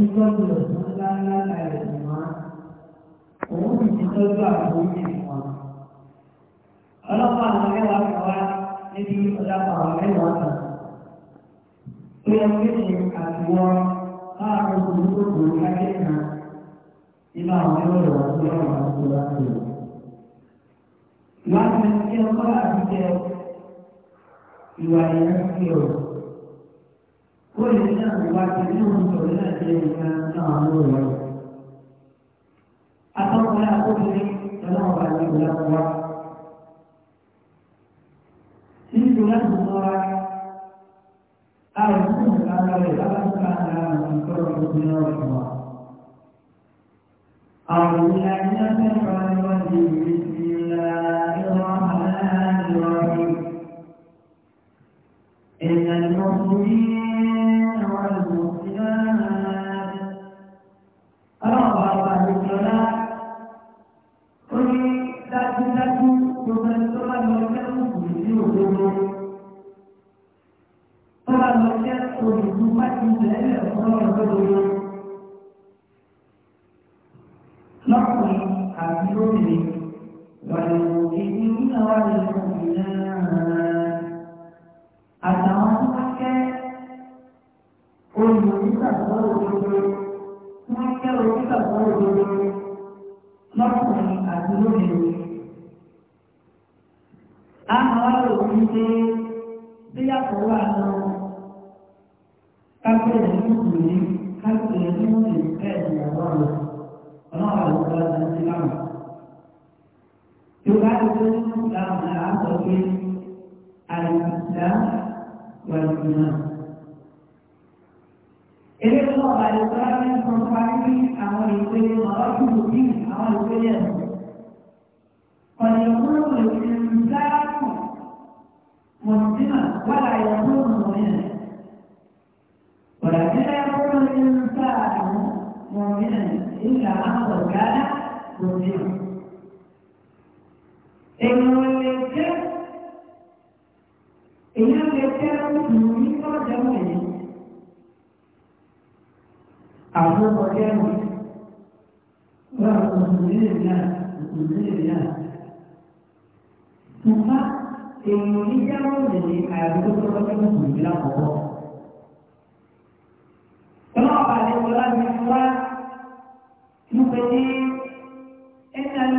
ti tọ́jú ọ̀sán ńláńlá kalẹ̀ fún wa òun sì ti tọ́jú àforíjì fún wa. ọlọ́pàá àwọn mẹ́wàá kan wá níbi ọ̀dàpọ̀ àwọn mẹ́wàá kan tó yẹ kí ṣe àtiwọ́ láàárọ̀ òṣèlú tó kò kan nínú àwọn mẹ́wàá wọn tó yẹ wọn tó wá sí i. láti ẹni tí ọkọ àti jẹ ìwà ìrántí ọ̀rọ̀. كل شيء واجبين سنة من نعمل أتوقع لا أقول فلا أعلم لا أقول سيد له الله أعلم أن الله تعالى من كل من الله أعوذ بالله من الشيطان الرجيم بسم الله الرحمن الرحيم إن المسلمين olùmọ̀nìgbàgbọ́ òdodo tí wọ́n jẹ́ onígbàgbọ́ òdodo lọ́kùnrin àti lóbìnrin. a máa wá lò wí pé síyàtọ̀ wà lọ kápẹ́rẹ́ nítorí kápẹ́rẹ́ nítorí bẹ́ẹ̀ ni àwọn ọ̀rọ̀ ọ̀nà àwùjọ àti ìsìlámù. Yorùbá ti tó nínú ìlànà àásọ̀ pé àìsàn wà lùmọ̀. ele não trabalha para mim, não pague a to empresa maior que o Rio, a uma empresa. Quando eu não conheço o carro, Monsima, wala ya kuma mu'mina. Wala kila ya kuma insanu mu'mina not ma kana mu'mina. Ewe àwọn ọmọdé èèyàn ní jáwọ́ lèlè àìrúkọ́ tó lọ́jọ́ mùsùlùmí lákọ̀ọ́kọ́. Ọlọ́ọ̀bà ni Ọlá mi wá mo pè ní ẹ̀ka ní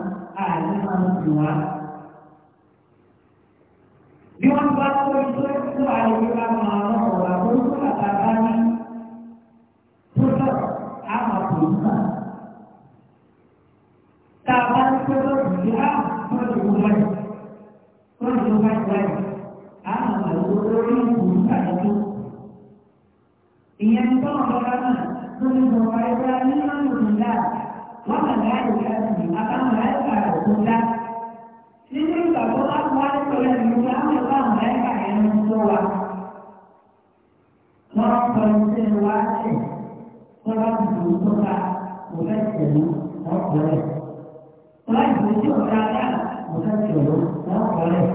哎，一万五万，一万五万，我一天挣完一万五万，那我来公司来上班，不是还好评的？上班说说几万，不是五百，不是五百块，还好在公司评上一评，一年多少块钱？一年多少块钱？一万五万。wọ́n kàn láyé ìyá sí i àbáwọn láyé kàrà òkú dá. nínú ìgbà tó bá wá nítorí ẹni tó láwọn ìgbà àwọn láyé kàrà ẹni tó wà. wọ́n kọ́ iṣẹ́ wa ṣe wọ́n bá dùn tó bá kò fẹ́ tẹ̀lé ọ̀pọ̀ rẹ̀. wọ́n bá dùn tó bá kò fẹ́ tẹ̀lé ọ̀pọ̀ rẹ̀.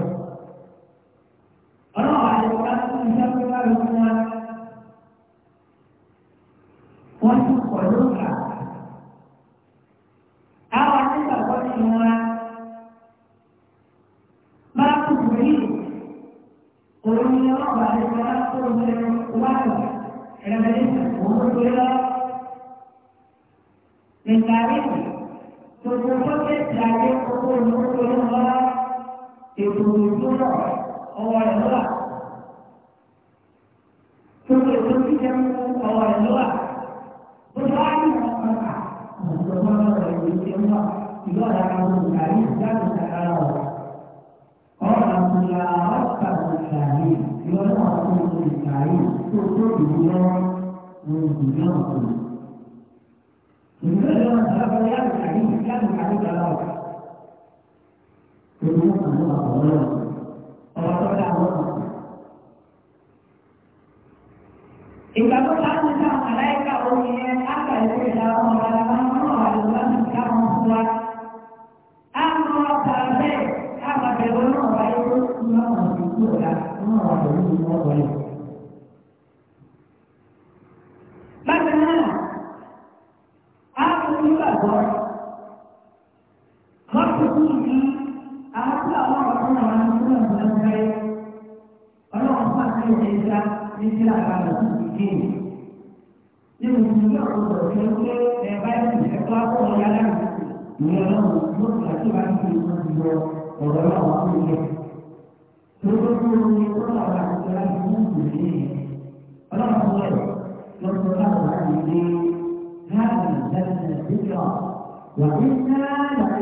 كلها من تعريف تقولون تعريف تقول تقول هذا يقولون هو هذا تقول تقول هو هذا berani mengatakan bahwa dari semua itu ada kamu dari dan sekarang orang melawan kamu dari itu orang melawan kamu dari itu di dunia منذ يوم من غير ما ذهب يعمل الحديث يعمل الحديث على وجهه كل يوم الله الله الله إذا قلت أن الله ملائكة أولياء أكثر من الله ولما نوع الله كان هو أمر فاسد أما تقول ما يقول ما هو يقول ما هو يقول ní sílá àgbàdo sí ìdíyìn. Nínú ìdílé àwọn ọ̀dọ́ tí ó gbé ẹ̀bá ẹ̀sìn ẹ̀kọ́ àkọ́kọ́ ní aláàbò ìyẹn náà yóò fi àti ìbá ti fi ìwọ̀n ti yọ ọ̀rọ̀ náà wà fún ìyẹn. Lórí tó ń ní ó lọ àwọn àti ìlànà ìwọ̀n ti fi ìyẹn. Ọlọ́run fún ẹ̀ lọ́sọ̀ láwọn láti dé láàrin ìdájọ́ ìdíjọ́ wà ní náà láti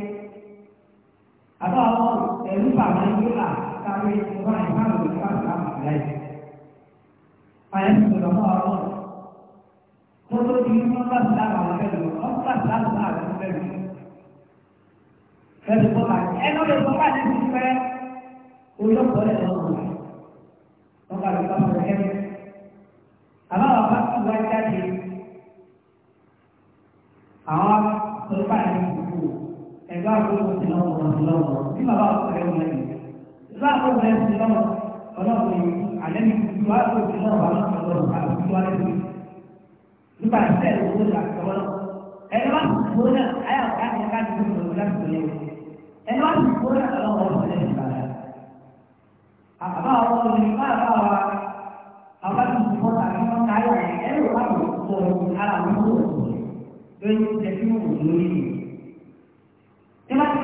àbá àwọn ẹ̀rú bàbá yìí là kárí ìwà ìbáwò ìgbà ìbáwò ìlẹ̀. Àyẹ̀ ti sọ̀rọ̀ fún ọ̀rọ̀ náà. tó di wọ́n bá ti lára àwọn ẹgbẹ́ lò, wọ́n bá ti lára àwọn ẹgbẹ́ lò. Fẹ́ẹ̀ni bọ́ bá yẹn. Ẹ lọ́dọ̀ bọ́ bá yẹn ti fẹ́ olókòó lẹ̀ lọ́wọ́ rẹ̀. láàkókò sí lọ́wọ́ wọn sí lọ́wọ́ bí bàbá ọ̀rẹ́ wọn lẹ́yìn láàkókò rẹ̀ sí lọ́wọ́ ọlọ́run yìí alẹ́ ní ìlú àkókò sí lọ́wọ́ àwọn ọlọ́run àti ìlú alẹ́ yìí nígbà tí ẹ̀ lówó la kọ́ lọ ẹni wá sí ìfowó náà ayé ọ̀gá ni ká ti fún ìlú láti tẹ̀lé ẹni wá sí ìfowó náà ọlọ́run ọ̀rọ̀ ọ̀rẹ́ ìbàdàn àbá ọ̀rọ̀ ni má bá wa àbá ti fún ọ̀rọ̀ àti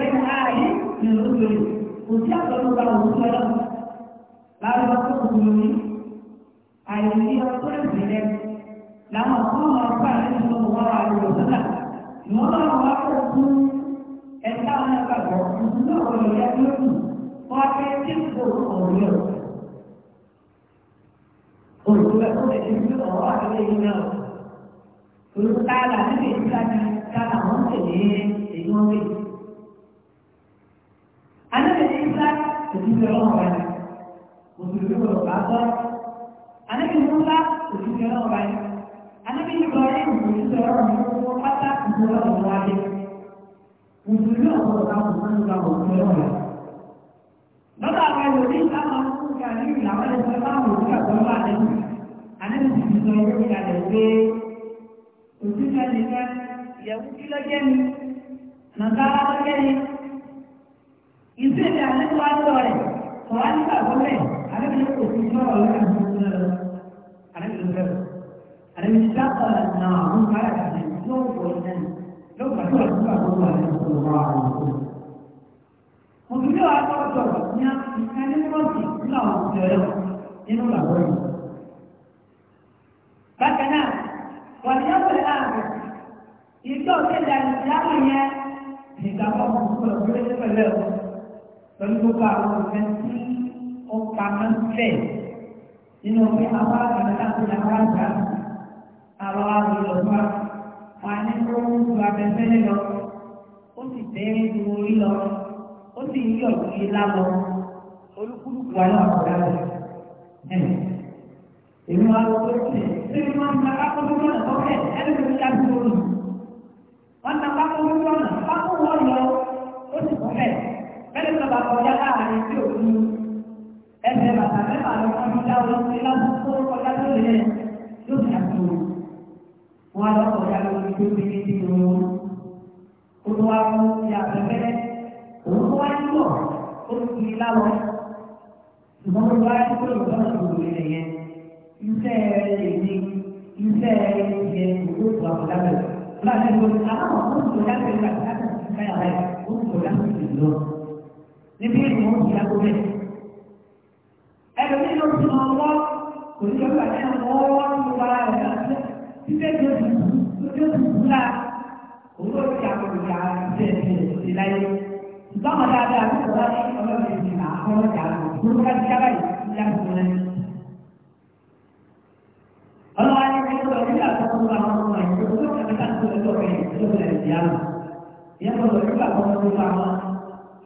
بين آله من رسله وسياسة الله وسلم لا يبقى مسلمين أيدي أقول بذلك لما قام رسول الله عليه وسلم نرى واقعكم ẹ̀ka wọn ẹ̀ka bọ̀ ìdúró ọ̀rọ̀ yẹ lókù wọ́n fẹ́ tí kò ọ̀rọ̀ yẹ. ẹ̀kọ́ ẹ̀kọ́ Anábì Isa kò tún fẹ́ ọlọ́run ọba ni. Mùsùlùmí kò lọ bá bọ́. Anábì Musa kò tún fẹ́ ọlọ́run ọba ni. Anábì Ibrahim kò tún fẹ́ ọlọ́run ọba ni. Wọ́n pátá kò tún fẹ́ ọlọ́run ọba ni. Mùsùlùmí ọ̀pọ̀ ọ̀gá Mùsùlùmí ọ̀gá kò tún fẹ́ ọlọ́run ọba. Lọ́dọ̀ àwọn ìròyìn ìsáma fún ìgbàlú ìlàwọ́ ẹ̀sọ́ láwọn òkú àgbọ̀n bá lẹ́nu. Anábì ti sọ ìwé ìyàlẹ̀ nìkan ìyẹ̀wù kí lọ́jẹ́ mi, nàgbà lọ́jẹ́ mi, ìgbésẹ̀ àlejò wa lọ rẹ̀ ọ̀rọ̀ nígbà gbọ́lẹ̀ àlejò kò sí lọ́rọ̀ lọ́rọ̀ àlejò lọ́rọ̀ àlejò sábà náà ń kára kàdé lóòpọ̀ ìdáni lóòpọ̀ tó àti nígbà gbọ́lẹ̀ àlejò tó wà àwọn ọ̀rọ̀. Mùsùlùmí wa kọ́ sọ̀rọ̀ ní ìkànnì mọ́ọ̀sì nínú àwọn òṣèré nínú ìgbàgbọ́ yìí. Bákan náà, wà ní ọ̀pọ̀lọpọ̀ ààbò, ìjọ́ òṣèlú àti ìyáwó yẹn ìgbàgbọ́ mọ̀ pẹ̀lú gbogbo àwọn òfin tí ó pa máa ń fẹ̀ nínú òfin àwọn àgbàdo láti ní àwọn àgbà àwọn àgbàlọ́gbà wà ní kó ń ju abẹ́fẹ́lẹ́ lọ ó sì tẹ́rí ju orí lọ ó sì ń yọ̀ lórí lábọ́ olúkúlùkù wà lọ́wọ́ ọ̀gá rẹ̀ èmi wá lọ pé ṣe ṣé mi máa ń gba kápọ́lù lọ́nà tọ́kẹ̀ ẹni tó ń ká sí orí wọn ta kápọ́lù lọ́nà kápọ́lù wọn lọ ó sì tọ́kẹ̀ ẹni tó bàbá ọjà láàrin tí ò ní ẹsẹ̀ bàtà mẹ́fà lọ fún ọjà olóṣèlú lásìkò ọjà tó lè yóò fi àpò wọn á lọ́kọ̀ ọjà lórí tó fi ní ti wọn ó tó wá fún ìyá afẹ́fẹ́ òun tó wá ń lọ ó fi láwọ ṣùgbọ́n ó wá ń lọ lọ́nà tó lè lè yẹn iṣẹ́ lè ní iṣẹ́ ìyẹn kò tó àbọ̀dá bẹ̀rẹ̀ láti lórí àwọn ọmọ tó dábẹ̀rẹ̀ láti láti fi káyà rẹ̀ ó tó dábẹ̀rẹ̀ lọ. níbi ìlú wọn ti yàgò bẹ́ẹ̀. ẹlòmíì ló ti máa wọ́ kò ní ọgbà ní àwọn ọwọ́ tó bá rẹ̀ láti títẹ̀ tó ti tó tó ti kú la òun ló ti yàgò ìyá tẹ̀ tẹ̀ tẹ̀ láyé. ìbámu dáadáa tó kọ́ ní ọlọ́run ti nà ákọ́rọ́ yàgò tó bá ti yàgò yìí yàgò rẹ̀. ọlọ́wọ́ ayé kí ló ń yà tó kó àwọn ọmọ ẹ̀ tó tó kàkàtà tó lọ́wọ́ ẹ̀ tó lọ́wọ́ ẹ̀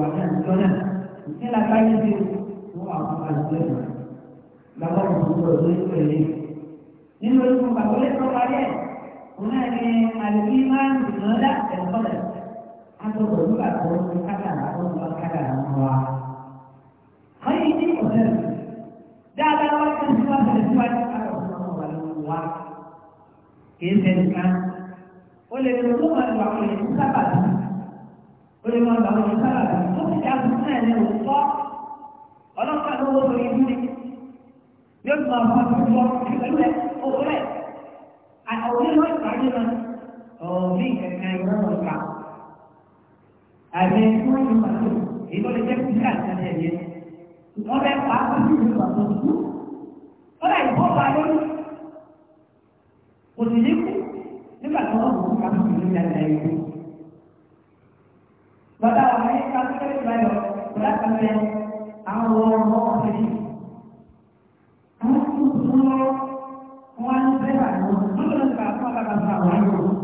wà ní àjọ náà nílà báyìí ti wọ́n àwọn àjọ náà lọ́wọ́ òwúrọ̀ lórí pẹ̀lú. nínú orí kan pàtó lẹ́kọ̀ọ́ parí òun náà ní àlùbí máa ń dùn lọ́dà ẹ̀kọ́lẹ̀ agbọ̀dọ̀ nígbà tó ń fi kádàrà ó ń lọ kádàrà ń wá. wọ́n yìí ní ọ̀sẹ̀ rẹ̀ dáadáa wọ́n ti ń fi wọ́n síwájú káàkiri ọ̀sán wọn lọ́wọ́ wa kì lórí máa bá wọn sára bí tó ti dá fún náà ní òótọ́ ọlọ́pàá ló wọ́n lórí ìlú yóò tún máa bá wọn lọ pẹ̀lú ẹ̀ owó rẹ̀ ìpàdé náà ọ̀ọ́mí kẹ̀kẹ́ ìwọ́n wọn kà àbẹ̀ tí wọ́n ti máa tó lè jẹ́ kí àti ẹ̀ wọ́n bẹ pa á sí ìlú àtọ̀ wọ́n lè bọ́ ba lórí kò sì ní kú nígbà tí wọ́n kò kú kàkú Bata wahai kami dari bayo, berat kami awal mau sini. Kamu tuh semua wanita, kamu tuh kata kata wahyu.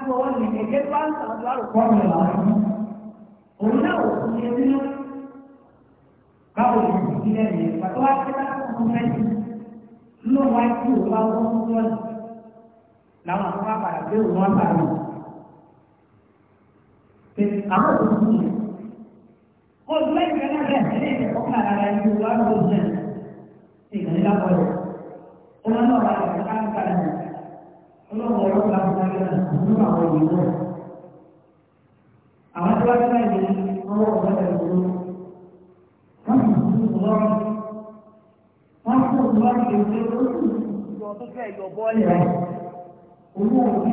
tí wọ́n ní ẹgbẹ́ bá ń sàmàtà àrùkọ́ ọ̀rọ̀ làwọn òun náà ò fún ṣe nínú báwo ni ìdílé rẹ̀ pàtó wá sí láti fún mẹ́tì nínú wa tí ò bá wọ́n fún wọn ọlọ́run ọ̀rọ̀ gba ìdájọ́ nínú àwọn ìlú náà. àwọn tí wọ́n ti náà ní ọwọ́ ọ̀gá ìlú wọ́n sì tún lọ́rọ̀ wọ́n sì tún lọ́rọ̀ kéde lóṣù tó tó fẹ́ yọ bọ́ọ̀lì rẹ̀. owó òbí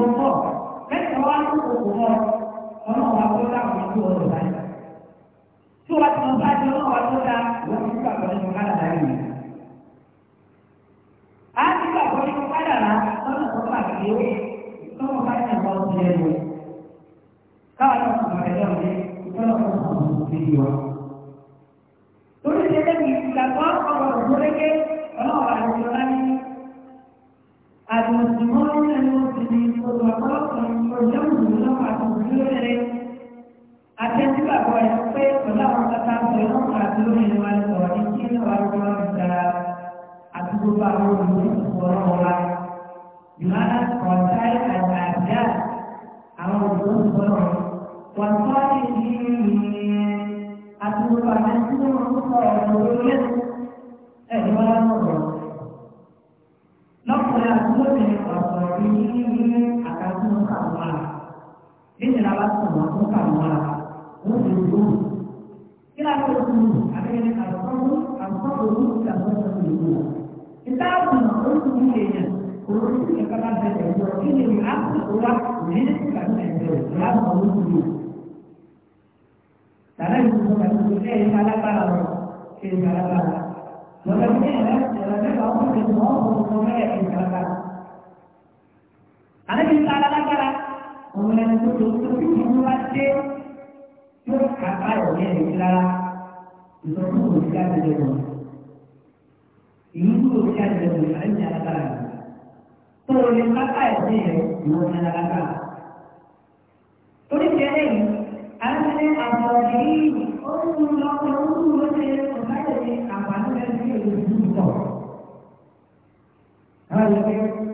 lọ mẹ́ta wá ní òkú mọ́ wa tó dáhùn ní ìwọ̀n lọ báyìí. tí wàá ti mọ báyìí ọlọ́run wa tó dá wọ́n ti gbàgbọ́ nínú kádàrá yìí. a ti gbàgbọ́ nínú kádàrá lọ́nà tó pàdé lọ́wọ́ bá ní àwọn ọ̀sẹ̀ rẹ̀ káwọn náà kò mọ̀ ẹ̀dọ́ àti lóyún ni wọ́n sọ̀rọ̀ ní kí ní wàá kọ́ ọ́n gba àti gbogbo àwọn olùkọ́ ìfọ̀rọ̀ wa. Ìmọ̀lá ọ̀tá àti àdá àwọn olùkọ́ ìfọ̀rọ̀ wọ́n tọ́ ní ìdíyẹ àti gbogbo àwọn tí wọ́n ń kira kira semua ada yang Kita ada perlu apa perlu dan apa perlu kita harus mengurus dirinya urus yang kata saya urus ini dengan urus ini dengan itu dalam urus itu karena itu semua itu saya yang ada kalau saya yang ada kalau kalau ini ada jalan yang kamu tidak mau untuk memilih yang ada kalau anda bisa ada kalau Kemudian itu dokter itu mengulas 就他他有那个其他，你说不如现在这种，你不如现在这种很简单的，都是他带有那个，你说现在干啥？我的姐妹，俺们的阿婆的，我们老婆我们那些不买的，俺们那些就是不多，然后那个。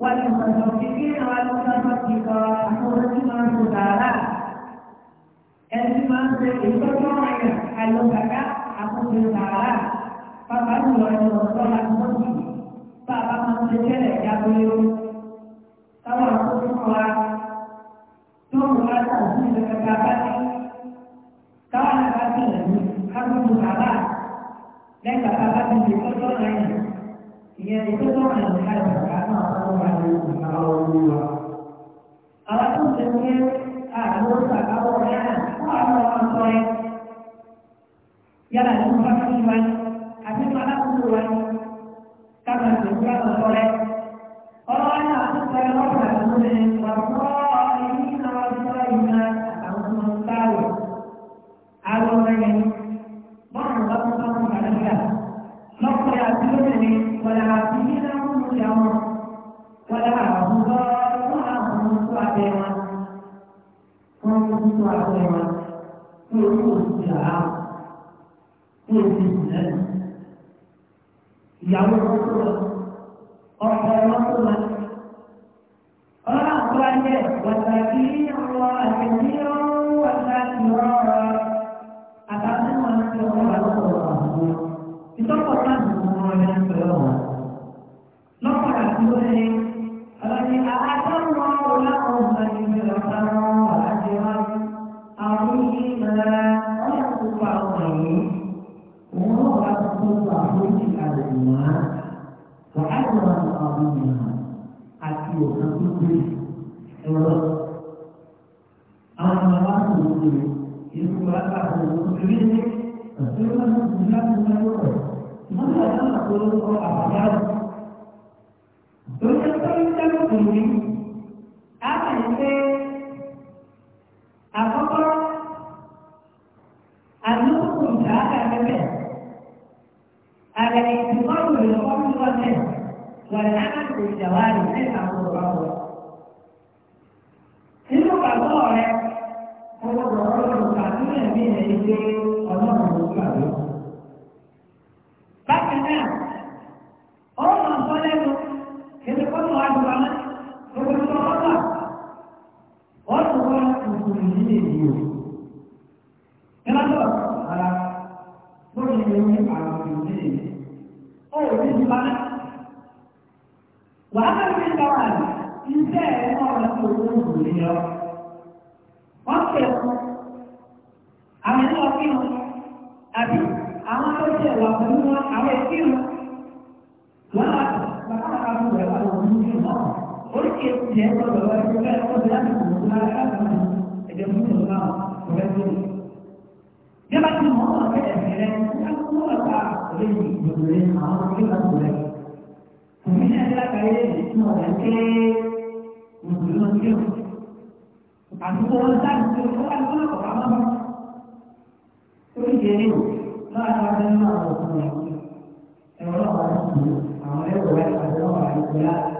Walaupun orang fikir walaupun orang fikir, kalau iman saudara, iman itu semua aku saudara, papa orang orang orang mesti, papa mesti cerai ya Kalau aku semua, semua orang mesti berkatakan, kalau anak ini aku saudara, dan kata kata itu semua ìyẹn ní pípọ́ àwọn ìlànà àgbà àwọn àwọn àwọn olùwà. àwọn tó ń tẹ̀wé àwọn ìsàkáwọ̀ yálà fún àwọn ọmọ sọ ẹ yálà ní wọn fi wá àti wọn alákòóso wá káwọn ìgbésí àwọn sọ rẹ ọlọ́wọ́ náà ti sọ ẹ lọ́kùnrin àti lóbìnrin wà fún ọ ìmọ̀ àti òkan tó gbé ẹ̀rọ. Àwọn ọmọ wa ń wò ó ìlú aláàbò orí ní ọ̀sẹ̀ wọn ń gbé láti wọ́n lọ́wọ́. Wọ́n lọ sí àkóso àbáyá. Lórí ẹgbẹ́ ìjọba òní. jàwárì ní àwọn ọ̀rọ̀ nínú pàtó rẹ mo gbọdọ̀ ọ̀rọ̀ nípa nínú ẹ̀mí rẹ̀ ní pé ọlọ́run يقول لك لا يقول لك لا إذا كنت الله ويقول جمع المرأة كأسئلة المرأة لي يقولين عرض كيف أقول لك ومن أجلك إليه اسمه ذلك مسلمون كيف àtúntò wọn sáà tó kó àtúntò kọ̀ ọ́ mọ́. Orí ìdílé o, náà ní wọ́n fẹ́ẹ́ máa wọ̀ fún ẹ̀. Ẹ̀rọ náà wà ní ìlú, àwọn ẹ̀rọ wà ní ìlú náà wà ní ìlú láti.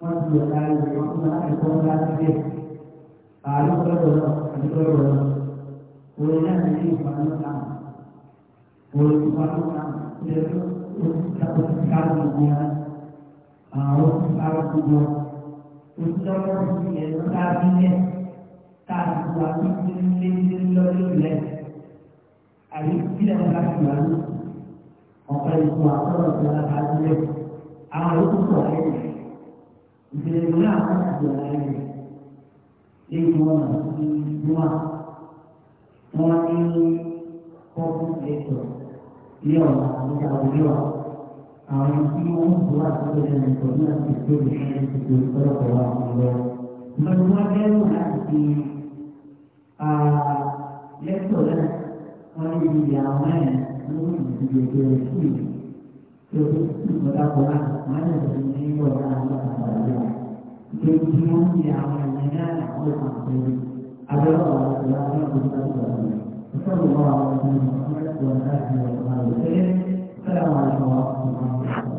wọ́n ti lò láyé rẹ̀ wọ́n ti láti kọ́ láti dé. Àlọ́ gbọ́dọ̀ lọ, àti gbọ́dọ̀ lọ. Orin náà ní ní ìfàánú náà. Orin ìfàánú náà ti lè tó oṣù káàdì gbogbo wọn. Àwọn oṣù káàdì gbogbo wọn. Oṣù tó wọ́n ti yẹ lọ káàdì yẹn. Káàdì gbogbo àti ilé ilé lọ́dún ìlẹ̀. Àyè ìpínlẹ̀ wọn láti wà ní ọ̀pẹ̀ ìfọ̀ àtọ̀rọ̀ ìjọba àti ilé. Àwọn olùkọ́ àyè làm đi đi, mình mà mà cũng có cái à, ìwúlò àwọn àgbà rẹ̀ léwu ọ̀nà ìwà wọn ní kọ́kún ẹ̀tọ́ ilé ọ̀nà àbújá orí wa àwọn tí wọ́n ń bọ̀ àtúntò ẹ̀ nìkan ní àti ìgbèrè ẹ̀ ti di ọ̀pọ̀lọpọ̀ wa lọ. Ìgbàgbọ́ wọn bẹ́rù láti fi lẹ́tọ̀ náà wọ́n ní ibi àwọn ẹ̀ lórí ìdíje ìgbèrè sí i. Tí o ti ń bọ̀ dákọ̀ náà, màá yẹ̀ pé kí wọ́n ti àwọn ẹ̀yìn náà àwọn ìpàdé abẹ́rẹ́ ọ̀rọ̀ àti láti ọ̀rọ̀ tó dájú ọ̀rọ̀ ìfẹ́ ìwọ àwọn ọmọ ọmọ ẹ̀kọ́ láti ọ̀rọ̀ àti ọ̀rọ̀ àti ọ̀rọ̀